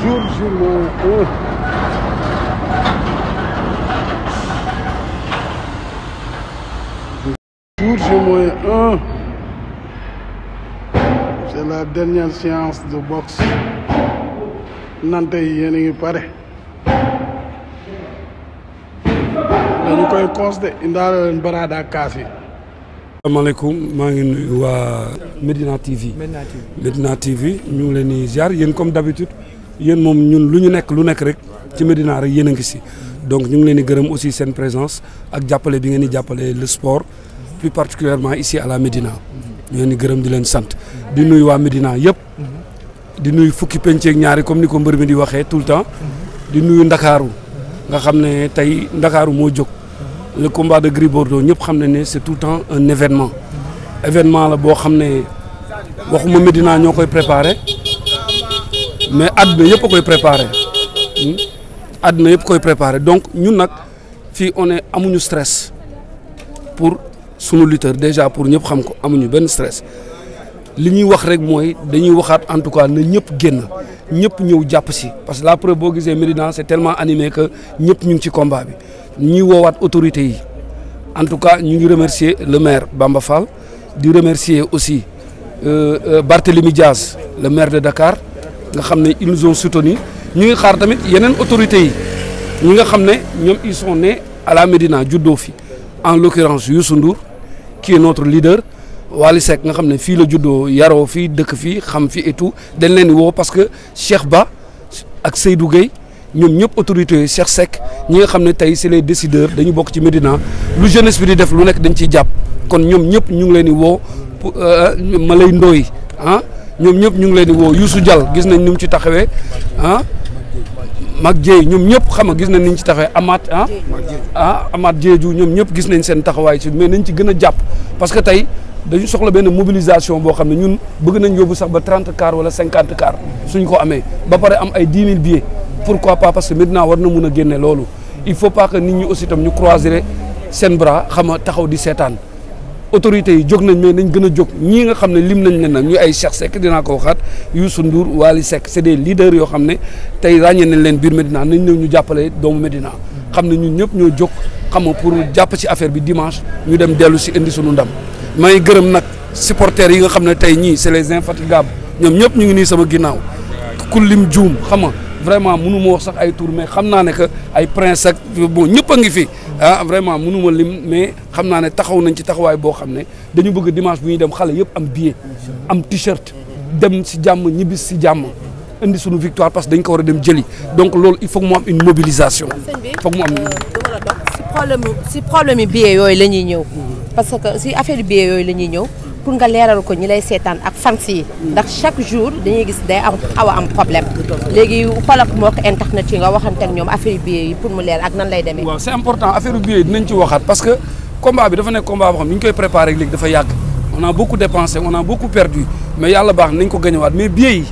Juro, juro. moins 1. C'est la dernière séance de boxe. Nante yi yéen a ngi pare. dañu koy constaté indaale leen baraada kaas yi. asalaamaaleykum maa ngi nuyu waa Medina TV. Medina TV ñu ngi leen di ziar yéen comme d'habitude yéen moom ñun lu ñu nekk lu nekk rek ci Médina rek yéen a ngi si donc ñu ngi leen di gërëm aussi seen présence ak jàppale bi ngeen di jàppale le sport plus particulièrement ici à la Médina ñu leen di gërëm di leen sant di nuyu waa Médina yëpp di nuyu fukki penceeg ñaari comme ni ko mbër mi di waxee tout le temps di nuyu Ndakaaru nga xam ne tey Ndakaaru moo jóg le combat de Gris Bordeaux ñëpp xam ne ne c'est tout le temps un événement événement la boo xam ne waxuma Médina ñoo koy préparé mais àdduna yëpp koy préparé àdduna hmm? yëpp koy préparer donc ñun nag fii on est amuñu stress pour sunu lutteur déjà pour ñëpp xam ko amuñu benn stress li ñuy wax rek mooy dañuy waxaat en tout cas na ñëpp génn ñëpp ñëw jàpp si parce que la preuve boo gisee Médina c'est tellement animé que ñëpp ñu ngi ci combat bi ñuy woowaat autorités yi en tout cas ñu ngi remercier le maire Bamba Fall di remercier aussi euh, euh, Barthélémy Diaz le maire de Dakar nga xam ne ils nous ont ñu ngi xaar tamit yeneen autorités yi ñi nga xam ne ñoom ils sont nés à la Médina juddoo fi en l'occurrence Youssou Ndour qui est notre nga xam ne fii la juddoo yaroo fii dëkk fii xam fii et dañ leen woo parce que Cheikh Ba ak Seydou Gueye ñoom ñëpp autorité yi Cheikh Seck ñi nga xam ne tey c'est les décideurs dañu bokk ci Médina lu jeunesse bi di def lu nekk dañ ciy jàpp kon ñoom ñëpp ñu ngi leen di woo euh, ma lay ndooy ah ñoom ñëpp ñu ngi leen di woo Youssou Diall gis nañ ni mu ci taxawee ah mag Dieye ñoom ñëpp xam nga gis nañ ni ñu ci taxawee amaat ah ah Amath Diédhiou ñoom ñëpp gis nañ seen taxawaay ci mais nañ ci gën a jàpp parce que tey dañu soxla benn mobilisation boo xam ne ñun bëgg nañ yóbbu sax ba trente car wala cinquante car suñ ko amee ba pare am ay dix mille billets pourquoi pas parce que maintenant war na mun a génne loolu il faut pas que nit ñi aussi tam ñu croiser seen bras xam nga taxaw di seetaan autorités yi jóg nañ mais nañ gën a jóg ñii nga xam ne lim nañ leen nag ñu ay Cheikh Seck dinaa ko waxaat Youssou Ndour Waly Seck c'est des leaders yoo xam ne tey ràññee nañ leen biir Medina nañ ñëw ñu jàppale doomu Medina. xam ne ñu ñëpp ñoo jóg xam nga pour jàpp ci affaire bi dimanche ñu dem dellu si indi suñu ndam may gërëm nag supporters yi nga xam ne tey ñii c'est les infatigables ñoom ñëpp ñu ngi nii sama ginnaaw ku lim juum xam nga vraiment mënu ma wax sax ay tour mais xam naa ne que ay prince ak bon ñëpp ngi fi ah vraiment mënu ma lim mais xam naa ne taxaw nañ ci taxawaay boo xam ne dañu bëgg dimanche bu ñuy dem xale yëpp am billet am t-shirt dem si jàmm ñibbis si jàmm indi suñu victoire parce que dañ ko war a dem jëli donc loolu il faut moom mu une mobilisation. Ah, foog mu am euh, si problème si yooyu la ñuy ñëw. parce si affaire billet yooyu la ñuy ñëw. pour nga leeral ko ñi lay seetaan ak fans yi ndax chaque jour dañuy gis day am xaw a am problème léegi xoolal moo ko na yi nga waxante ak ñoom affaire billet yi pour mu leer ak nan lay demee waaw c'est important affaire billet yi dinañ ci waxaat parce que combat bi dafa nekk combat boo xam ni ñu koy préparé léegi dafa yàgg a beaucoup dépensé on a beaucoup perdu mais yàlla nañ ko gañewaat mais billet yi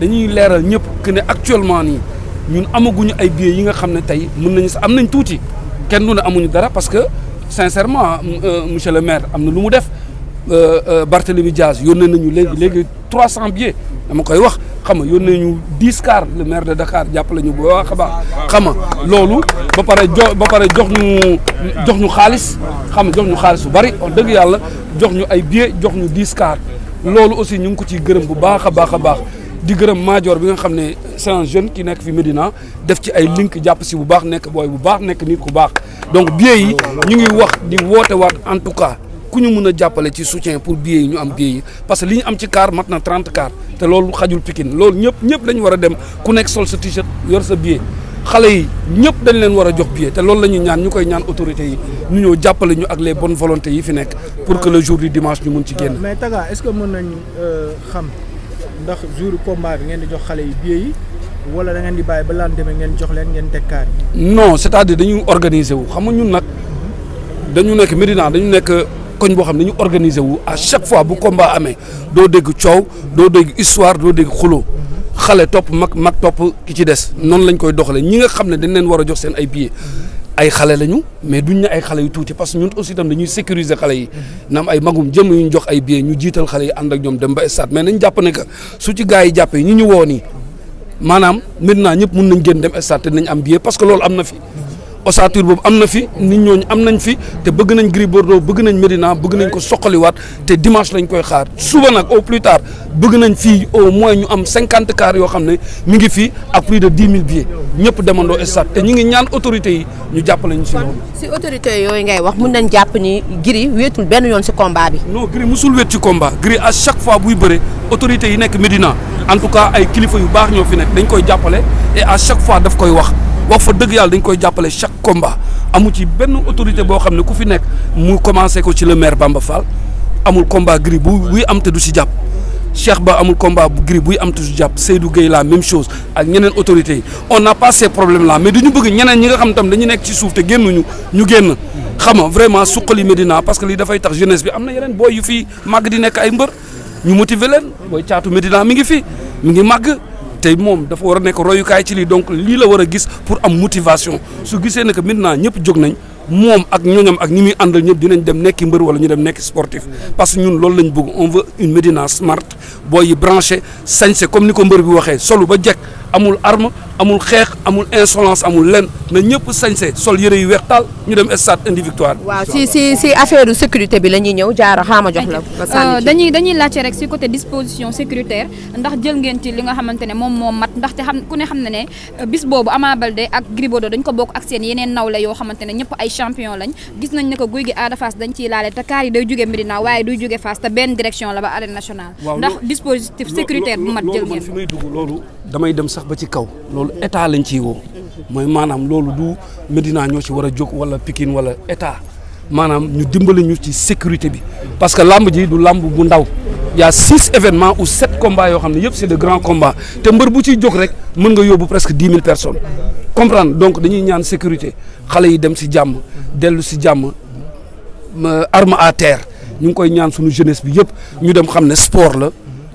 dañuy leeral ñëpp que actuellement nii ñun amaguñu ay billets yi nga xam ne tey mun nañu sax am nañ tuuti kenn du ne amuñu dara parce que sincèrement euh, monsieur le maire am na lu mu def Euh, euh, Barthélemy Diaz yónnee nañu léegi léegi trois cent billets dama koy wax xam nga yónnee ñu dix cars le maire de Dakar jàppale ñu bu baax a baax xam nga loolu ba pare jo ba pare jox ñu jox ñu xaalis xam nga jox ñu xaalis bu bari wax dëgg yàlla jox ñu ay billets jox ñu dix cars loolu aussi ñu ngi ko ciy gërëm bu baax a baax a baax di gërëm maajoor bi nga xam ne c'est un jeune qui nekk fi Médina def ci ay link jàpp si bu baax nekk booy bu baax nekk nit ku baax donc billets yi ñu ngi wax di woote en tout cas ku ñu mën a jàppale ci soutien pour billets yi ñu am billets yi parce que li ñu am ci car mat na car te loolu xajul Pikine loolu ñëpp ñëpp dañu war a dem ku nekk sol sa t-shirt yor sa billet xale yi ñëpp dañ leen war a jox billet te loolu la ñuy ñaan ñu koy ñaan autorités yi ñu ñëw jàppale ñu ak les bonnes volontés yi fi nekk pour que le jour du dimanche ñu mun ci génn. mais Taga est-ce que mën nañu euh, xam ndax jour combat bi ngeen di jox xale yi billet yi. wala leen ngeen teg kaar non cest wu xam nga ñun nag dañu koñ boo xam ne ñu organiser wu à chaque fois bu combat amee doo dégg coow doo dégg histoire doo dégg xuloo xale topp mag mag topp ki ci des noonu lañ koy doxalee ñi nga xam ne dañ leen war a jox seen ay billets ay xale lañu mais duñ ne ay xale yu tuuti parce que ñun aussi tam dañuy sécuriser xale yi na am ay magum jëm yu ñu jox ay billets ñu jiital xale yi ànd ak ñoom dem ba stade mais nañ jàpp ne que su ci gars yi jàppee ñi ñu woo nii maanaam maintenant ñëpp mun nañ génn dem stade te nañ am billet parce que loolu am na ossature boobu am na fi nit ñooñu am nañ fi te bëgg nañ Gris Bordeaux bëgg nañ Médina bëgg nañ ko soqaliwaat te dimanche lañ koy xaar suba nag au plus tard bëgg nañ fii au moins ñu am cinquante cars yoo xam ne mi ngi fii ak plus de dix mille billets ñëpp demandoo stade te ñu ngi ñaan autorités yi ñu jàppale ñu si loolu. si autorités yooyu ngay wax mun nañ jàpp ni Gris wéetul benn yoon si combat bi. non Gris musul wéet ci combat Gris à chaque fois buy bëre autorités yi nekk Médina en tout cas ay yu baax ñoo fi nekk dañ koy jàppale à chaque fois daf koy wax. wax fa dëgg yàlla dañ koy jàppale chaque combat amu ci benn autorité boo xam ne ku fi nekk mu commencé ko ci le maire Bamba Fall amul combat gris bu buy am te du si jàpp Cheikh Ba amul combat bu gris buy am te du jàpp Seydou Gueye la même chose ak ñeneen autorité yi on n'a pas ces problèmes là mais dañu bëgg ñeneen ñi nga xam tam dañu nekk ci suuf te génnuñu ñu génn xam nga vraiment suqali Médina parce que lii dafay tax jeunesse bi am na yeneen booy yu màgg di nekk ay ñu motiver leen booy caatu Médina mi ngi fi mi ngi màgg tey moom dafa war a nekk royukaay ci lii donc lii la war a gis pour am motivation su gisee ne que maintenant ñëpp jóg nañ moom ak ñoñam ak ñi muy àndal ñëpp dinañ dem nekki mbër wala ñu dem nekki sportif parce que ñun loolu lañ bëgg on veut médina smart booy yi branché sañse comme ni ko mbër bi waxee solu ba jekk amul arme amul xeex amul insolence amul lenn na ñëpp sañse sol yére yu weex taal ñu dem stade indi victoire si si si affaire sécurité bi la ñuy ñëw jaara xaama jox la. Euh, dañuy dañuy laajte rek si côté disposition sécuritaire ndax jël ngeen ci li nga xamante ne moom moo mat ndaxte xam ku ne xam na ne euh, bis boobu Ama Baldé ak Gris Bordeaux dañ ko bokk ak seen nawle yoo xamante ne ñëpp ay champion lañ gis nañ ne ko guy gi Ada Fass dañ ci laale te kaar yi day jóge Médina waaye duy jóge Fass te benn direction la ba arène nationale ndax dispositif sécuritaire bu mat jël ngeen fi may dugg loolu damay dem sax ba ci kaw loolu état lañ ciy woo mooy maanaam loolu du Médina ñoo ci war a jóg wala Pikine wala état maanaam ñu dimbali ñu ci sécurité bi parce que lamb ji du lamb bu ndaw y a six événements ou sept combats yoo xam ne yëpp c'est de grands combats te mbër bu ciy jóg rek mën nga yóbbu presque dix mille personnes comprendre donc dañuy ñaan sécurité xale yi dem si jàmm dellu si jàmm arme à terre ñu ngi koy ñaan suñu jeunesse bi yëpp ñu dem xam ne sport la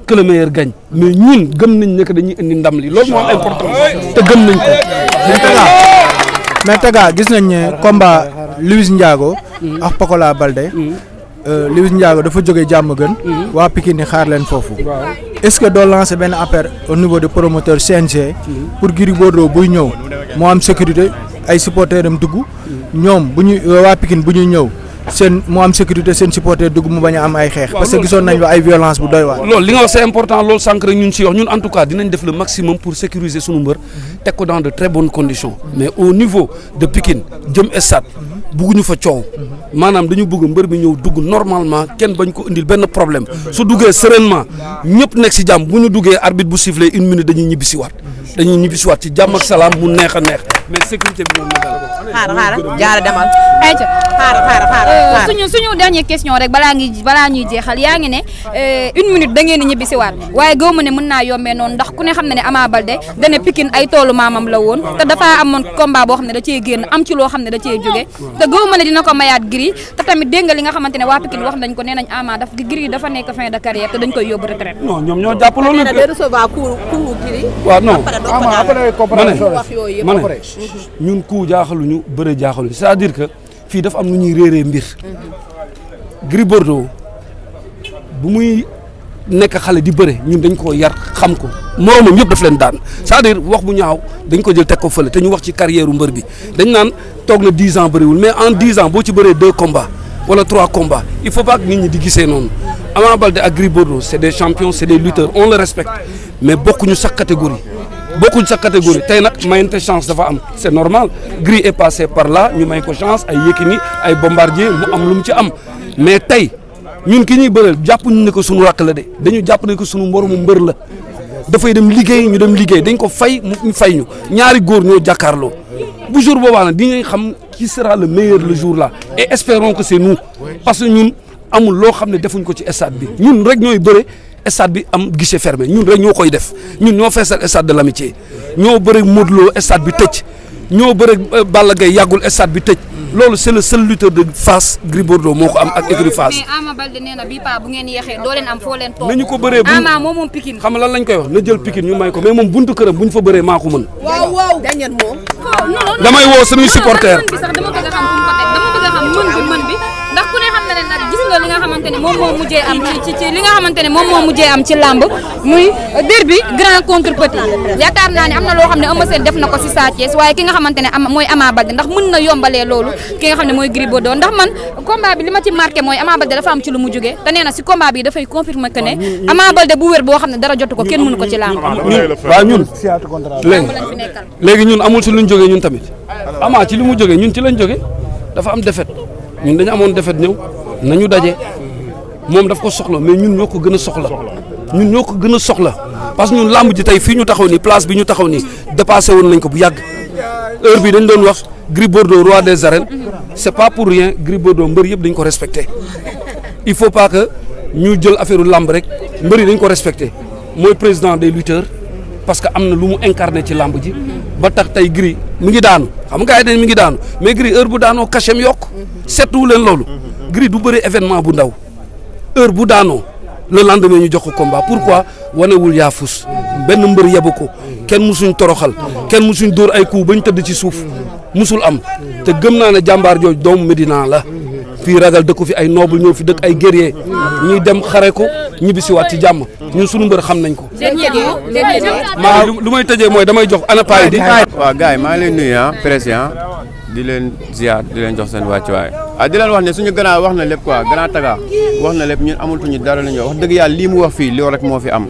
que le meilleur mais ñun gëm nañ ne que dañuy indi ndam li loolu moo am te gëm nañ ko. mais Taga gis nañ ne combat Luis njaago hmm. ak Pokola Balde. Hmm. Euh, Luis Ndiago dafa jóge jàmm gën. Hmm. waa Pikine xaar leen foofu. est-ce que doo lancer benn appel au niveau de promoteur CNG. pour Gris Bordeaux buy ñëw. moo am sécurité ay supporteurs am dugg ñoom bu ñu euh, waa Pikine bu ñuy ñëw seen moo am sécurité seen supporter dugg mu bañ am ay xeex. parce que gisoon nañu ay violence bu doy waar. loolu li nga wax c'est important loolu sànq rek ñun si wax ñun en tout cas dinañ def le maximum pour sécuriser sunu mbër teg ko dans de très bonnes conditions. mais au niveau de pikin jëm stade. bugguñu fa coow maanaam dañu bëgg mbër mi ñëw dugg normalement kenn bañ ko indil benn problème su duggee sereinement ñëpp nekk si jàmm bu ñu duggee arbitre bu sifflé une minute dañu ñibbi si waat dañuy ñibbi si waat ci jàmm mu neex a neex mais sécurité bi jaara demal. ayca xaaral xaaral xaaral. Euh, suñu suñu dernière balaa ngi balaa ñuy jeexal yaa ngi ne euh, une minute ngeen a ñibbi si waat waaye gëw ma ne mën naa yombee noonu ndax ku ne xam na ne amaa Baldé dana Pikine ay toolu maamam la woon te am amoon combat boo xam ne da cee génn am ci loo xam ne da cee jóge te gëwuma ne dina ko mayaat Gris te tamit dégg nga li xamante ne waa Pikine wax nañ ko nee nañ Ama daf Gris dafa nekk fin de carrière te dañ koy yóbbu retraite non ñoom ñoo jàpp loolu nag waaw non ma ñun ku jaaxaluñu bëre jaaxaluñu c'est-à-dire que fii dafa am lu ñuy réeree mbir mhm. Gris Bordeaux bu muy nekk xale di bëre ñun dañ ko yar xam ko moom yëpp daf leen daan cest à wax bu ñaaw dañ ko jël teg ko fële te ñu wax ci carrière mbër bi dañ naan toog na 10 ans bëriwul mais en 10 ans boo ci bëre deux combats wala trois combats il faut pas nit ñi di gisee noonu Ama Baldé ak Gris Bordeaux c'est des champions c'est des lutteurs on le respecte mais bokkuñu sax catégorie bokkuñ sa catégorie tey nag mayante chance dafa am c'est normal Gris est passé par là ñu may ko chance ay Yékini ay Bombardier mu am lu mu ci am mais tey ñun ki ñuy bëreel jàpp ñu ne ko suñu rakk la de dañu jàpp ne ko suñu moromu mbër la dafay dem liggéey ñu dem liggéey dañ ko fay mu fay ñu ñaari góor ñoo jàkkaarloo bu jour boobaa nag di ngay xam qui sera le meilleur le jour là et espérons que c'est nous parce que ñun amul loo xam ne defuñ ko ci stade bi ñun rek ñooy bëre stade bi am guichet fermé ñun rek ñoo koy def ñun ñoo feesal stade de l'amitié ñoo bëre Modou Lo stade bi tëj ñoo bëre Balla Gaye yàggul stade bi tëj. loolu c'est le seul de Fass Gris Bordeaux moo ko am ak écurie nañu ko bëree bu Ama moom moom Pikine. xam nga lan lañ koy wax na jël Pikine ñu may ko mais moom buntu këram bu ñu fa bëree maa ko damay woo suñuy supporters. dama bëgg a xam fu mu ko teg dama nga li nga xamante moom moo mujjee am ci ci li nga xamante ne moom moo mujjee am ci làmb muy derby grand contre petit yaakaar naa ne am na loo xam ne Eumeu Sène def na ko Sa Thiès waaye ki nga xamante ne am mooy Ama Baldé ndax mën na yombalee loolu ki nga xam ne mooy Gris Bordeaux ndax man combat bi li ma ci marqué mooy Ama Baldé dafa am ci lu mu jógee te nee na si combat bi dafay confirmer que ne Ama Baldé bu wér boo xam ne dara jotu ko kenn mënu ko ci làmb waaw ñun léegi léegi ñun amul si mu jógee ñun tamit ama ci lu mu jógee ñun ci lañ jógee dafa am défaite ñun amoon défaite ñëw nañu daje moom daf ko soxla mais ñun ñoo ko gën a soxla ñun ñoo ko gën a soxla parce que ñun làmb ji tey fii ñu taxaw nii place bi ñu taxaw nii dépassé woon nañ ko bu yàgg heure bi dañ doon wax Gris Bordeaux roi des arènes c'est pas pour rien Gris Bordeaux mbër yëpp dañ ko respecté il faut pas que ñu jël affaire làmb rek mbëri dañ ko respecté mooy président des lutteurs parce que am na lu mu incarné ci làmb ji ba tax tey Gris mi ngi daanu xam nga gars dañ mi ngi daanu mais Gris heure bu daanoo cachet yokk seetlu leen loolu. Gris du bëre événement bu ndaw heure bu daanoo le lendemain ñu jox ko combat pourquoi wanewul yaafus benn mbër yebu ko kenn musuñ toroxal kenn musuñ dóor ay coups bañ tëdd ci suuf musul am te gëm naa ne jàmbaar jooju doomu Médina la fii ragal dëkku fi ay noble ñoo fi dëkk ay guerrier ñuy dem xare ko ñibbisiwaat ci jàmm ñun suñu mbër xam nañ ko. maa lu may tëjee mooy damay jox ana paay di. waaw gars yi maa ngi lay nuyu ah, ah. di leen ziar di leen jox seen wàccuwaay ah di leen wax ne suñu grand wax na lépp quoi grand taga wax na lépp ñun amultuñu dara la ñu wax dëgg yàlla lii mu wax fii loolu rek moo fi am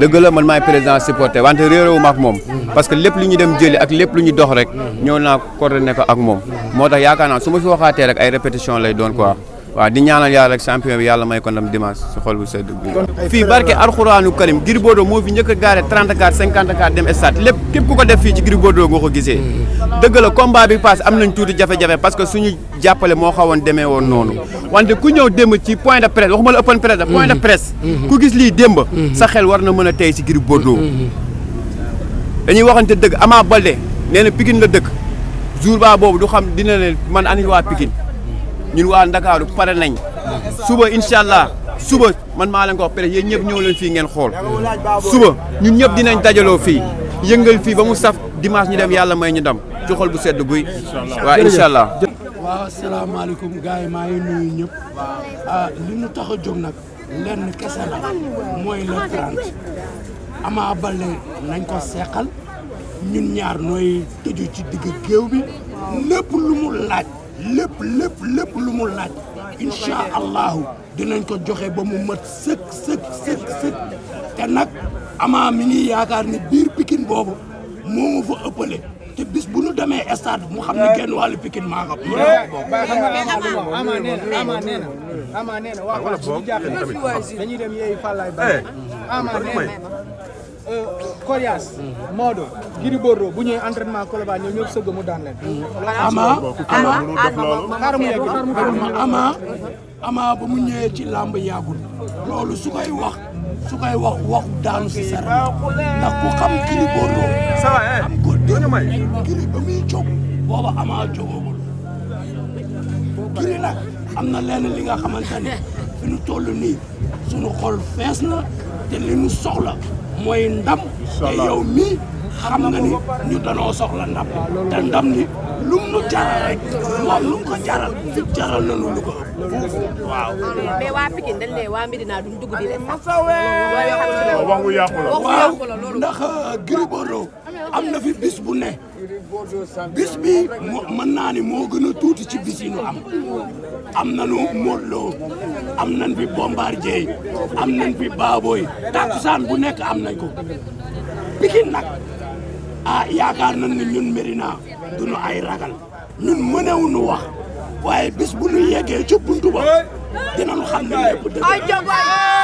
dëgg la man président supporter wante réeréwu ma moom parce que lépp lu ñu dem jëli ak lépp lu ñu dox rek ñëw naa coordonné ko ak moom moo tax yaakaar naa su ma fi waxaatee rek ay répétition lay doon quoi waaw di ñaanal yàlla rek champion bi yàlla may ko ndam dimanche si xol bu sedd bi fii barke alxuraanu karim Gris Bordeaux moo fi njëkk a gaare 34 54 dem stade lépp képp ko def fii ci Gris Bordeaux gisee mm-hmm. dëgg la combat bi passe am nañ tuuti jafe-jafe parce que suñu jàppale moo xawoon demee woon noonu wante ku ñëw démb ci point de presse waxuma la open presse da point de mm-hmm. presse mm-hmm. ku gis lii démb sa xel war na mën a tey ci Gris Bordeaux dañuy waxante dëgg Ama Baldé nee na Pikine dëkk jour boobu du xam dina ne man ani waa ñun waa Ndakaaru pare nañ suba incha allah suba man maa leen ko wax pare yéen ñëpp ñëw leen fii ngeen xool suba ñun ñëpp dinañ dajaloo fii yëngal fii ba mu saf dimanche ñu dem yàlla may ñu dem ci bu sedd buy. waaw incha allah. waaw asalaamaaleykum gars yi maa ngi nuyu ñëpp ah, li ñu tax a jóg nag lenn kese la mooy le 30 Ama Baldé nañ ko seqal ñun ñaar nooy tëju ci digg géew bi lépp lu mu laaj. lépp lépp lépp lu mu naaj incha allahu dinañ ko joxe ba mu mat sëkk sëkk sëkk te nag Ama mi ngi yaakaar ni biir Pikine boobu moomu fa ëppale te bis bu ñu demee stade mu xam ne genn wàllu Pikine maa ko. Eh, ama nee na Ama nee na Ama Euh, Coriace. Mhm. Maodo. Giri Bordeaux bu ñëwee entraînement Colobane ñoom ñëpp sëgg mu daan leen. ama ama ama ba mu ñëwee ci làmb yàggul loolu su koy wax su koy wax waxu daanu si sara ndax ku xam Giri Bordeaux. am ko démb Giri ba muy jóg booba ama jógagul Giri nag am na lenn li nga xamante ne fi ñu toll nii sunu xol fees na te li ñu soxla. mooy ndam. te yow mii. xam nga ni ñu danoo soxla ndam te ndam ni lum nu jaral rek moom lum ko jaral na nu lu ko waaw. mais waa Pikine dañ ne waa Medina duñ dugg di leen sax. waxu yàqu la waaw ndax euh, am na fi bis bu ne bis bi mën naa ni moo gën a tuuti ci bis yi ñu am am na Modou Lo am nañ fi Bombardier am nañ fi Baboy takusaan bu nekk am nañ ko Pikine nag. a ah, yaakaar nañ ne ñun Médina duñu ay ragal ñun mënewuñu wax waaye bis bu ñu yeggee ca buntu ba dinañu xam ne lépp dëgg